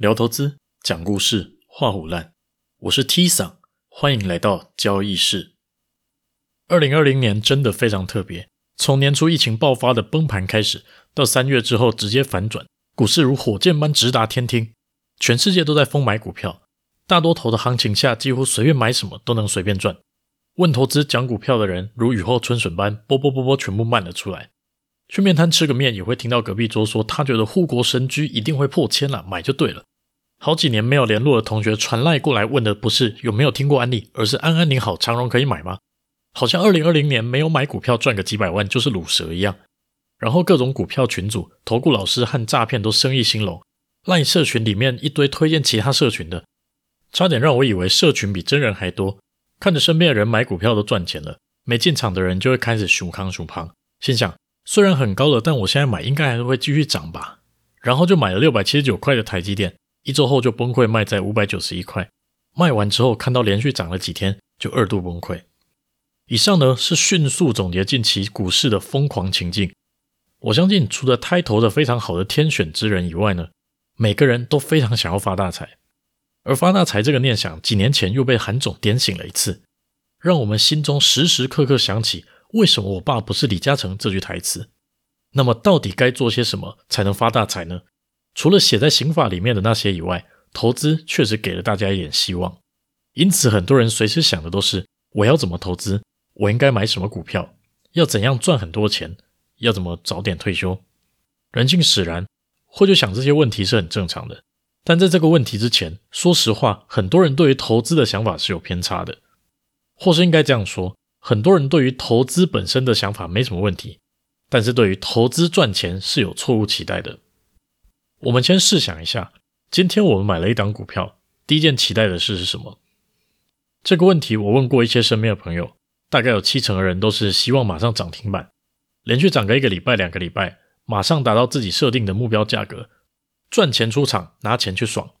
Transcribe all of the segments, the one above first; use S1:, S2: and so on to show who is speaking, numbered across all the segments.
S1: 聊投資，講故事，話虎爛，我是 T 桑，歡迎來到交易室。二零二零年真的非常特別，從年初疫情爆發的崩盤開始，到三月之後直接反轉，股市如火箭般直達天聽，全世界都在瘋買股票，大多頭的行情下，幾乎隨便買什麼都能隨便賺。問投資講股票的人，如雨後春筍般，波波波波全部賣了出來。去麵攤吃個麵，也會聽到隔壁桌說他覺得護國神駒一定會破千了啊，買就對了。好幾年沒有聯絡的同學傳賴過來問的不是有沒有聽過安麗，而是安安你好，長榮可以買嗎？好像二零二零年沒有買股票賺個幾百萬就是魯蛇一樣。然後各種股票群組、投顧老師和詐騙都生意興隆，賴社群裡面一堆推薦其他社群的，差點讓我以為社群比真人還多。看着身邊的人買股票都賺錢了，沒進場的人就會開始熊康熊扛，心想雖然很高了，但我現在買應該還是會繼續漲吧。然後就買了六百七十九塊的台積電。一週後就崩潰，賣在五百九十一塊，賣完之後看到連續漲了幾天，就二度崩潰。以上呢是迅速總結近期股市的瘋狂情境。我相信，除了胎頭的非常好的天選之人以外呢，每個人都非常想要發大財。而發大財這個念想，幾年前又被韓總點醒了一次，讓我們心中時時刻刻想起“為什麼我爸不是李嘉誠”這句台詞。那麼，到底該做些什麼才能發大財呢？除了寫在刑法裡面的那些以外，投資確實給了大家一點希望，因此很多人隨時想的都是我要怎麼投資，我應該買什麼股票，要怎樣賺很多錢，要怎麼早點退休。人性使然，會去想這些問題是很正常的。但在這個問題之前，說實話，很多人對於投資的想法是有偏差的，或是應該這樣說：很多人對於投資本身的想法沒什麼問題，但是對於投資賺錢是有錯誤期待的。我們先試想一下，今天我們買了一檔股票，第一件期待的事是什麼？這個問題我問過一些身邊的朋友，大概有七成的人都是希望馬上漲停板，連續漲個一個禮拜、兩個禮拜，馬上達到自己設定的目標價格，賺錢出場，拿錢去爽。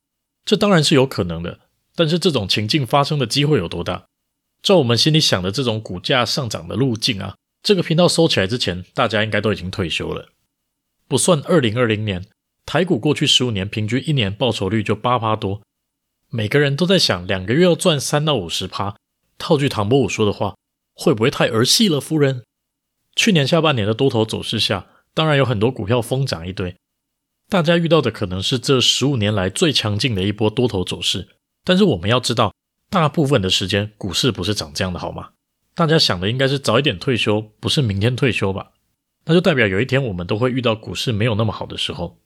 S1: 這當然是有可能的，但是這種情境發生的機會有多大？照我們心裡想的這種股價上漲的路徑啊，這個頻道收起來之前，大家應該都已經退休了，不算二零二零年。台股過去十五年平均一年報酬率就八趴多，每個人都在想兩個月要賺三到五十趴。套句唐伯虎說的話，會不會太兒戲了，夫人？去年下半年的多頭走勢下，當然有很多股票瘋漲一堆，大家遇到的可能是這十五年來最強勁的一波多頭走勢。但是我們要知道，大部分的時間股市不是長這樣的，好嗎？大家想的應該是早一點退休，不是明天退休吧？那就代表有一天我們都會遇到股市沒有那麼好的時候。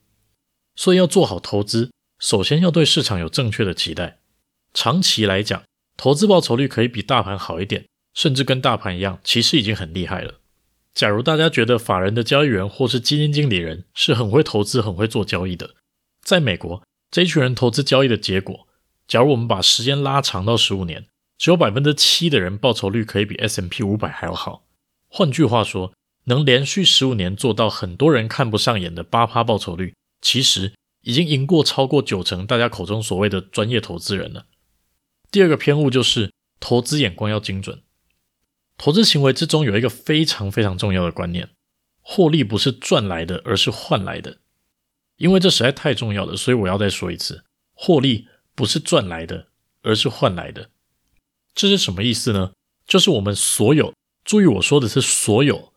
S1: 所以要做好投資，首先要對市場有正確的期待。長期來講，投資報酬率可以比大盤好一點，甚至跟大盤一樣，其實已經很厲害了。假如大家覺得法人的交易員或是基金經理人是很會投資、很會做交易的，在美國，這一群人投資交易的結果，假如我們把時間拉長到十五年，只有百分之七的人報酬率可以比 S&P 500還要好。換句話說，能連續十五年做到很多人看不上眼的八趴報酬率。其實已經贏過超過九成大家口中所謂的專業投資人了。第二個偏誤就是投資眼光要精準。投資行為之中有一個非常非常重要的觀念：獲利不是賺來的，而是換來的。因為這實在太重要了，所以我要再說一次：獲利不是賺來的，而是換來的。這是什麼意思呢？就是我們所有，注意我說的是所有，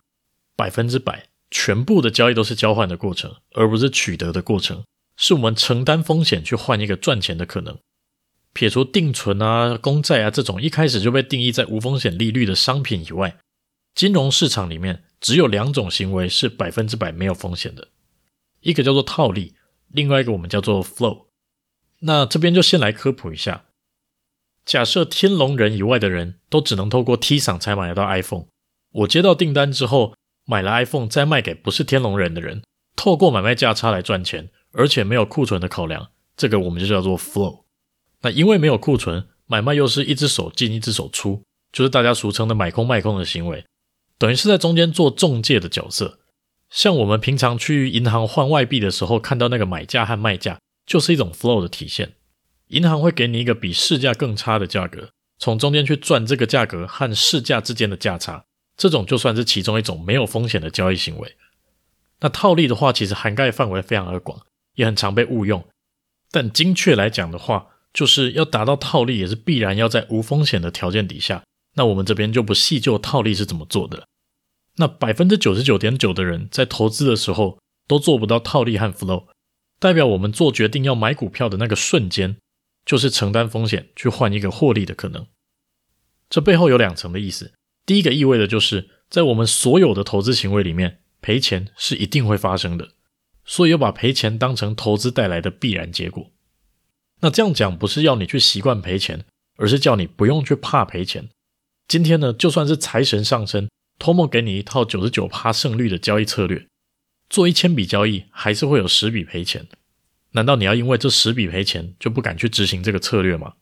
S1: 百分之百。全部的交易都是交換的過程，而不是取得的過程。是我們承擔風險去換一個賺錢的可能。撇除定存啊、公債啊這種一開始就被定義在無風險利率的商品以外，金融市場裡面只有兩種行為是百分之百沒有風險的，一個叫做套利，另外一個我們叫做 flow。那這邊就先來科普一下：假設天龍人以外的人都只能透過 T 賞才買得到 iPhone，我接到訂單之後。買了 iPhone 再賣給不是天龍人的人，透過買賣價差來賺錢，而且沒有庫存的考量，這個我們就叫做 flow。那因為沒有庫存，買賣又是一隻手進一隻手出，就是大家俗稱的買空賣空的行為，等於是在中間做中介的角色。像我們平常去銀行換外幣的時候，看到那個買價和賣價，就是一種 flow 的體現。銀行會給你一個比市價更差的價格，從中間去賺這個價格和市價之間的價差。這種就算是其中一種沒有風險的交易行為。那套利的話，其實涵蓋範圍非常而廣，也很常被誤用。但精確來講的話，就是要達到套利，也是必然要在無風險的條件底下。那我們這邊就不細究套利是怎麼做的。那百分之九十九點九的人在投資的時候都做不到套利和 flow，代表我們做決定要買股票的那個瞬間，就是承擔風險去換一個獲利的可能。這背後有兩層的意思。第一個意味的就是，在我們所有的投資行為裡面，賠錢是一定會發生的，所以要把賠錢當成投資帶來的必然結果。那這樣講不是要你去習慣賠錢，而是叫你不用去怕賠錢。今天呢，就算是財神上身，托夢給你一套九十九趴勝率的交易策略，做一千筆交易還是會有十筆賠錢，難道你要因為這十筆賠錢就不敢去執行這個策略嗎？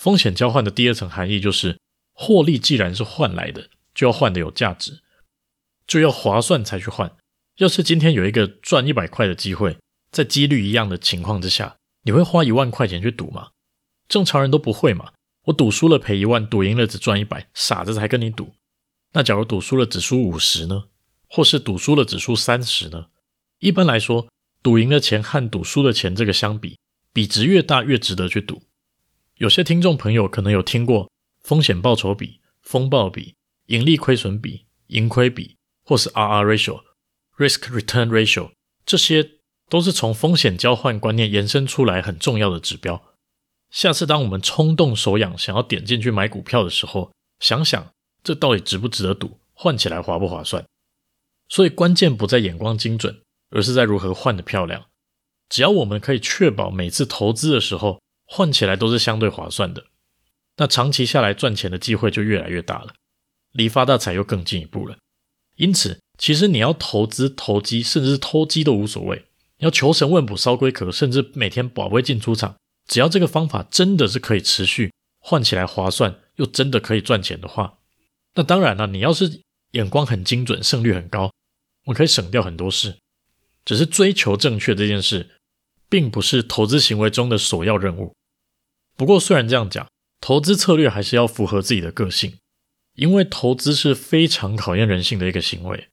S1: 風險交換的第二層含義就是。獲利既然是換來的，就要換得有價值，就要划算才去換。要是今天有一個賺一百塊的機會，在幾率一樣的情況之下，你會花一萬塊錢去賭嗎？正常人都不會嘛。我賭輸了賠一萬，賭贏了只賺一百，傻子才跟你賭。那假如賭輸了只輸五十呢？或是賭輸了只輸三十呢？一般來說，賭贏的錢和賭輸的錢這個相比，比值越大越值得去賭。有些聽眾朋友可能有聽過。風險報酬比、風暴比、盈利虧損比、盈虧比，或是 RR Ratio、Risk Return Ratio，這些都是從風險交換觀念延伸出來很重要的指標。下次當我們衝動手癢想要點進去買股票的時候，想想這到底值不值得賭，換起來划不划算。所以關鍵不在眼光精準，而是在如何換得漂亮。只要我們可以確保每次投資的時候換起來都是相對划算的。那長期下來賺錢的機會就越來越大了，離發大財又更進一步了。因此，其實你要投資、投機，甚至是偷雞都無所謂。你要求神問卜、燒龜殼，甚至每天保衛進出場，只要這個方法真的是可以持續、換起來划算，又真的可以賺錢的話，那當然了，啊。你要是眼光很精準、勝率很高，我們可以省掉很多事。只是追求正確這件事，並不是投資行為中的首要任務。不過，雖然這樣講。投資策略還是要符合自己的個性，因為投資是非常考驗人性的一個行為。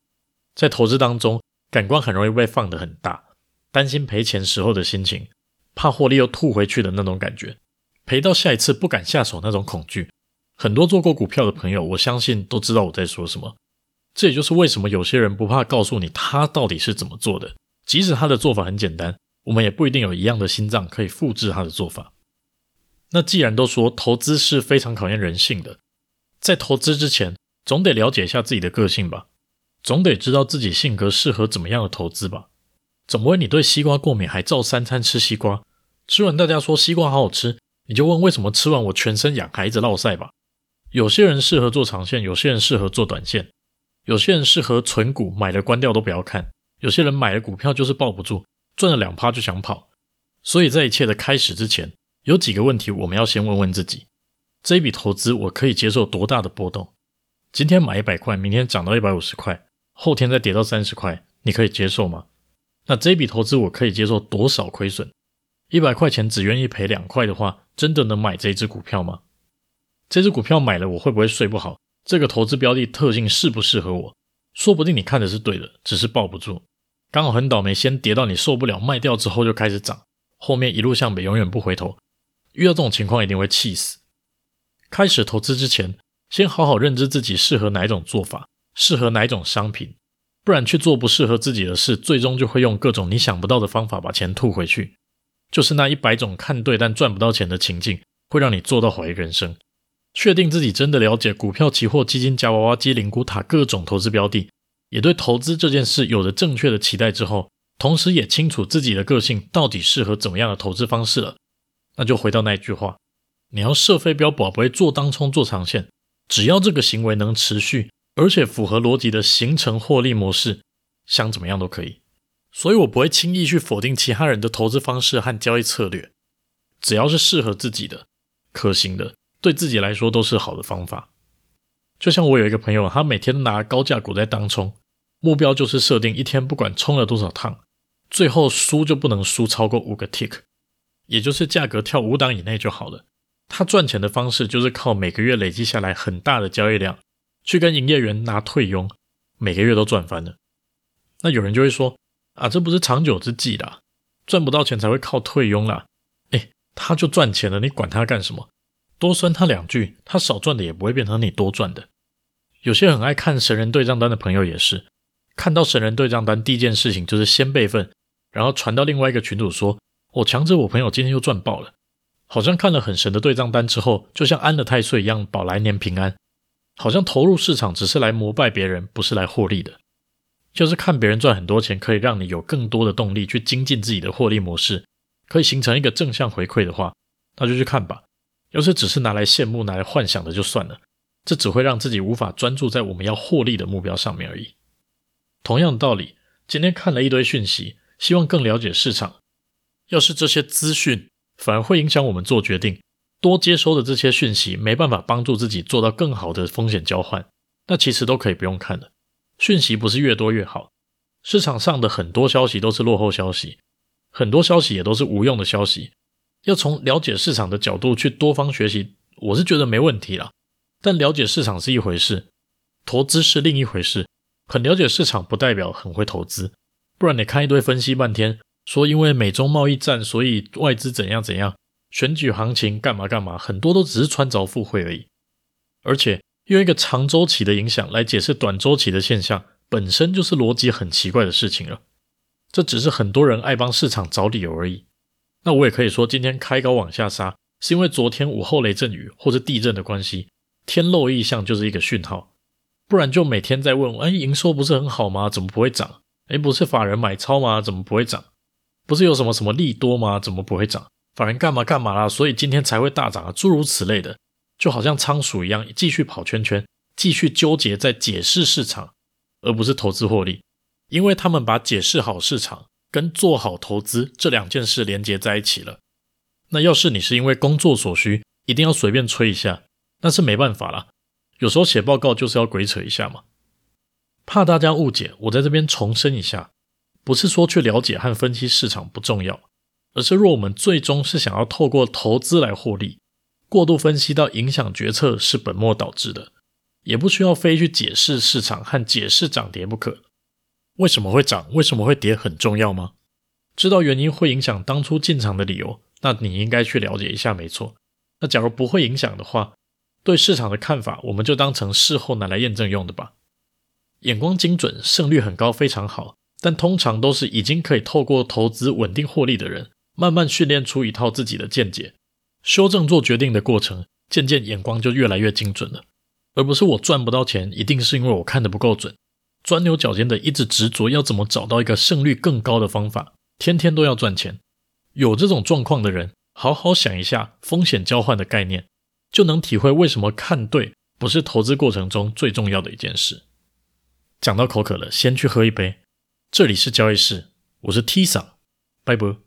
S1: 在投資當中，感官很容易被放得很大，擔心賠錢時候的心情，怕獲利又吐回去的那種感覺，賠到下一次不敢下手那種恐懼。很多做過股票的朋友，我相信都知道我在說什麼。這也就是為什麼有些人不怕告訴你他到底是怎麼做的，即使他的做法很簡單，我們也不一定有一樣的心臟可以複製他的做法。那既然都說投資是非常考驗人性的，在投資之前總得了解一下自己的個性吧，總得知道自己性格適合怎麼樣的投資吧。怎麼問你對西瓜過敏還照三餐吃西瓜？吃完大家說西瓜好好吃，你就問為什麼吃完我全身養孩子落塞吧。有些人適合做長線，有些人適合做短線，有些人適合存股，買了關掉都不要看。有些人買了股票就是抱不住，賺了兩趴就想跑。所以在一切的開始之前，有幾個問題我們要先問問自己：這筆投資我可以接受多大的波動？今天買一百塊，明天漲到一百五十塊，後天再跌到三十塊，你可以接受嗎？那這筆投資我可以接受多少虧損？一百塊錢只願意賠兩塊的話，真的能買這隻股票嗎？這隻股票買了我會不會睡不好？這個投資標的特性適不適合我？說不定你看的是對的，只是抱不住。剛好很倒霉，先跌到你受不了，賣掉之後就開始漲，後面一路向北，永遠不回頭。遇到這種情況一定會氣死。開始投資之前，先好好認知自己適合哪一種做法，適合哪一種商品，不然去做不適合自己的事，最終就會用各種你想不到的方法把錢吐回去。就是那一百種看對但賺不到錢的情境，會讓你做到懷疑人生。確定自己真的了解股票、期貨、基金、夾娃娃機、靈骨塔、各種投資標的，也對投資這件事有着正確的期待之後，同時也清楚自己的個性到底適合怎麼樣的投資方式了。那就回到那一句話，你要設非標保，不會做當沖做長線，只要這個行為能持續，而且符合邏輯的形成獲利模式，想怎麼樣都可以。所以我不會輕易去否定其他人的投資方式和交易策略，只要是適合自己的、可行的，對自己來說都是好的方法。就像我有一個朋友，他每天拿高價股在當沖，目標就是設定一天不管沖了多少趟，最後輸就不能輸超過五個 tick。也就是價格跳五檔以內就好了。他賺錢的方式就是靠每個月累積下來很大的交易量，去跟營業員拿退佣，每個月都賺翻了。那有人就會說啊，這不是長久之計啦，賺不到錢才會靠退佣啦。哎、欸，他就賺錢了，你管他幹什麼？多酸他兩句，他少賺的也不會變成你多賺的。有些很愛看神人對賬單的朋友也是，看到神人對賬單第一件事情就是先備份，然後傳到另外一個群組說。我強制我朋友今天又賺爆了，好像看了很神的對賬單之後，就像安了太歲一樣，保來年平安。好像投入市場只是來膜拜別人，不是來獲利的。就是看別人賺很多錢可以讓你有更多的動力去精進自己的獲利模式，可以形成一個正向回饋的話，那就去看吧。要是只是拿來羨慕、拿來幻想的就算了，這只會讓自己無法專注在我們要獲利的目標上面而已。同樣的道理，今天看了一堆訊息，希望更了解市場。要是這些資訊反而會影響我們做決定，多接收的這些訊息沒辦法幫助自己做到更好的風險交換，那其實都可以不用看了。訊息不是越多越好，市場上的很多消息都是落後消息，很多消息也都是無用的消息。要從了解市場的角度去多方學習，我是覺得沒問題啦。但了解市場是一回事，投資是另一回事。很了解市場不代表很會投資，不然你看一堆分析半天。說因為美中貿易戰，所以外資怎樣怎樣，選舉行情幹嘛幹嘛，很多都只是穿鑿附會而已。而且用一個長周期的影響來解釋短周期的現象，本身就是邏輯很奇怪的事情了。這只是很多人愛幫市場找理由而已。那我也可以說，今天開高往下殺，是因為昨天午後雷陣雨或者地震的關係，天漏異象就是一個訊號。不然就每天在問我，哎，營收不是很好嗎？怎麼不會漲？哎，不是法人買超嗎？怎麼不會漲？不是有什麼什麼利多嗎？怎麼不會漲？法人幹嘛幹嘛啦？所以今天才會大漲啊！諸如此類的，就好像倉鼠一樣，繼續跑圈圈，繼續糾結在解釋市場，而不是投資獲利。因為他們把解釋好市場跟做好投資這兩件事連接在一起了。那要是你是因為工作所需，一定要隨便吹一下，那是沒辦法啦。有時候寫報告就是要鬼扯一下嘛。怕大家誤解，我在這邊重申一下。不是說去了解和分析市場不重要，而是若我們最終是想要透過投資來獲利，過度分析到影響決策是本末倒置的，也不需要非去解釋市場和解釋漲跌不可。為什麼會漲，為什麼會跌？很重要嗎？知道原因會影響當初進場的理由，那你應該去了解一下，沒錯。那假如不會影響的話，對市場的看法我們就當成事後拿來驗證用的吧。眼光精準，勝率很高，非常好。但通常都是已經可以透過投資穩定獲利的人，慢慢訓練出一套自己的見解，修正做決定的過程，漸漸眼光就越來越精準了。而不是我賺不到錢，一定是因為我看得不夠準，鑽牛角尖的一直執着要怎麼找到一個勝率更高的方法，天天都要賺錢。有這種狀況的人，好好想一下風險交換的概念，就能體會為什麼看對不是投資過程中最重要的一件事。講到口渴了，先去喝一杯。這裡是交易事，我是 Tisa 拜拜。